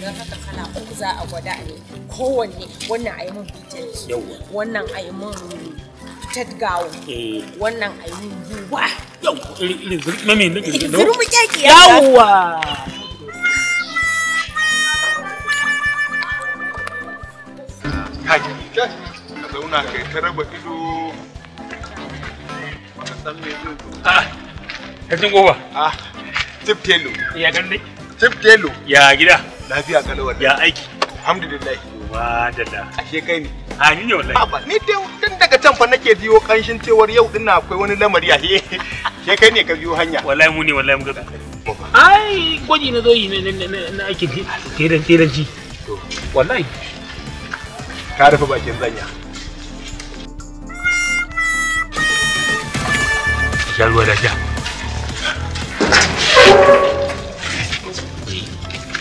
don haka kana uku za a gwada ne kowanne wannan a yi mun bitan wannan a yi mun fitar gawo eh. wannan a yi mun buwa zurmi mai kyaki ka zauna kai ta raba ido ka san me zo ah ka jin goba ah tip telo ya tip telo ya gida Lafiya kalau wallahi. Ya aiki. Alhamdulillah. Wa dalla. Ashe kai ne. A ni ne wallahi. Ni dai tun daga can fa nake jiyo kanshin cewar yau din akwai wani lamari a he. Ke kai ne ka biyo hanya. Wallahi mu ne wallahi mu ga. Ai gwaji na zo yi ne na aikin teran teran ji. Wallahi. Ka rufe bakin zanya. Sha ruwa da sha.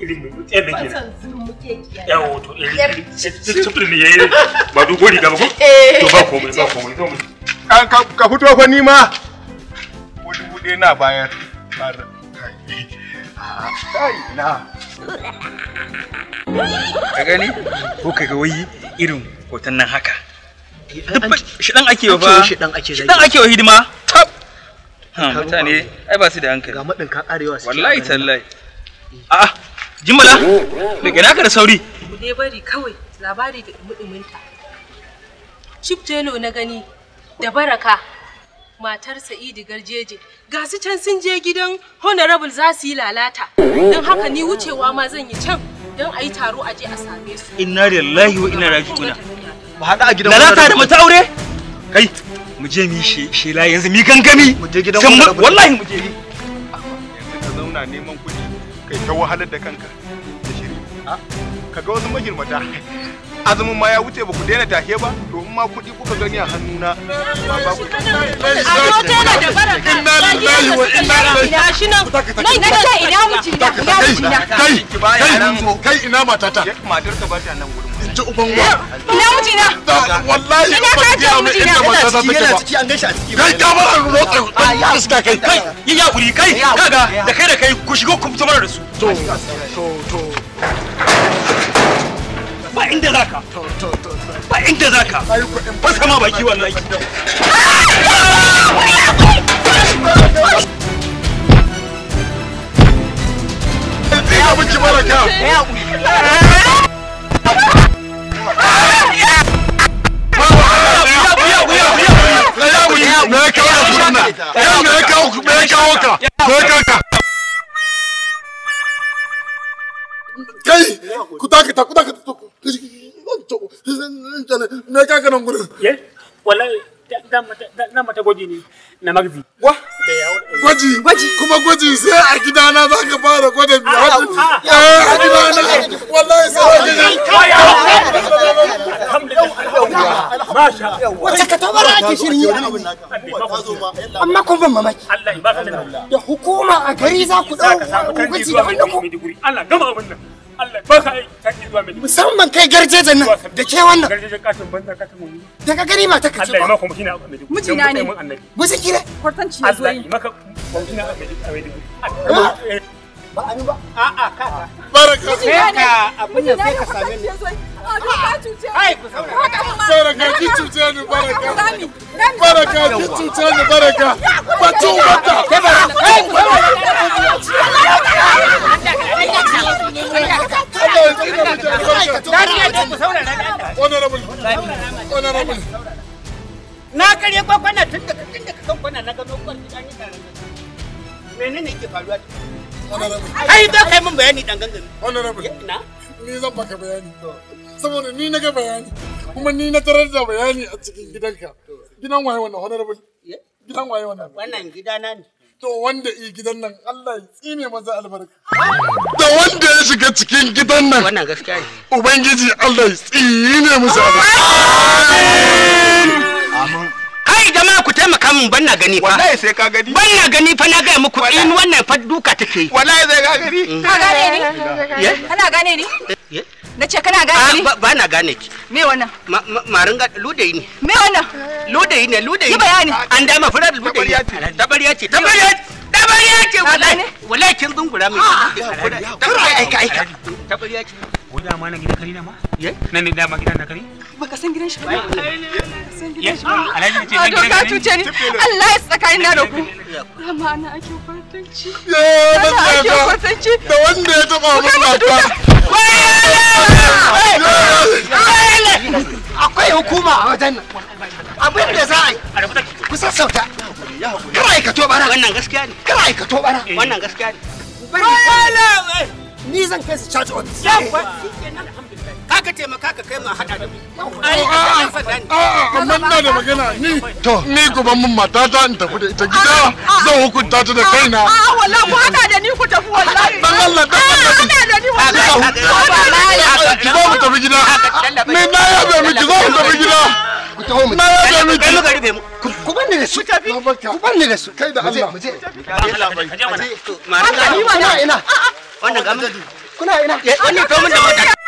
irin da eh. ke nan. ba Ka fito ko ni ma. Wani buɗe na bayar. Kai Ka gani? Ko ka ga wai irin hoton nan haka. Shidan ake wa ba. Shidan ake wa hidima. Mutane ai ba su da hankali. Ga maɗin ka arewa su. Wallahi tallahi. Eh. A'a. Ah, Jimbala, daga naka da sauri. Ku dai bari kawai labari da dumudumunta. Chief Jelo na gani da baraka matar Sa'idu Garjeje ga su can sun je gidan Honorable za su yi lalata. Don haka ni wucewa ma zan yi can don a yi taro a je a same su. Inna lillahi wa inna raji'una. Ba haɗa a gidan Lalata da mata aure? Kai, mu je mu yi shela yanzu mi gangami. Mu je gidan Honorable. Wallahi mu je. Yanzu ka zauna neman kuɗi. kai ta wahalar da kanka da shiri ah? kaga wasu azumin ma ya wuce ba ku daina take ba to in ma kuɗi kuka gani a hannuna ba ba ku inna lillahi wa inna ilaihi nan nan ina kai kai ina matata matar ka ba ta nan gurin in ji uban wa ina wuce na wallahi ina ta ce wuce na ina ciki yana ciki an gaishe a ciki kai ka bar an rotsa dan iska kai kai yi yakuri kai kaga da kai da kai ku shigo ku fito da su to to to ba inda zaka to to to ba inda zaka ba sama baki wallahi ka me ya kawo me ya kawo ka me ya kawo ka kai ku dakata ku dakata to me ya kawo nan gurin ye wallahi dan mata gwaji ne na magzi wa gwaji gwaji kuma gwaji sai a gidana za ka fara gwada biyu a gidana wallahi sai wace ka taɓa shirin yi amma kun ban mamaki da hukuma a gari za ku ɗau hukunci da wanda ku musamman kai garjejen nan da ke wannan daga gani ma ta kace ba mijina ne musu kire kwartanci ya zo yi ba a ba a'a ka baraka ka abin da sai ka same ni baraka ki cuce ni baraka na karye kwakwana tun da kwana na gano kwan menene ke faruwa ai za ka yi min bayani dan gangan honorable na ni zan baka bayani saboda ni na ga bayani kuma ni na tarar da bayani a cikin gidanka gidan waye wannan honorable gidan waye wannan wannan gidana ne to wanda i gidan nan Allah ya tsine masa albarka ah! da wanda ya shiga cikin gidan nan wannan gaskiya ne ubangiji Allah ya tsine masa ah! albarka amin zama ku taimaka min ban na gani fa wallahi sai ka gani ban na gani fa na ga muku in wannan fa duka take wallahi sai ka gani mm. ka gane ni kana gane ni na ce kana gane ah, ni ba na gane ki me wannan marin ga lude ne me wannan ludayi ne ludayi yi bayani an dama lude ludayi tabariya ce tabariya ce tabariya ce wallahi wallahi kin dungura min tabariya aika aika tabariya ce ko da ma na gidan kari na ma nan ne da ma gidan na kari baka san gidan shi ba shi da ya ake da akwai hukuma a wajen nan abin da za a yi kusa sassauta kar aikato bara wannan gaskiya ne kar aikato bara wannan gaskiya ne ni zan kai su charge za ka taimaka ka kai mu a da amma ina da magana ni ni gaban mun matata in tafi da ita gida zan hukunta ta da kaina. da ni ku tafi wallahi. Dan Allah dan Allah. da ni wallahi. Ki mu tafi gida. Ni na yabe zo mu tafi gida. Ku taho mu. Na yabe miki. Ku bani da su. Ku bani da su. Kai da Allah. Mu je. Ku je mana. ina. Wannan gamin. Kuna ina. Wannan gamin da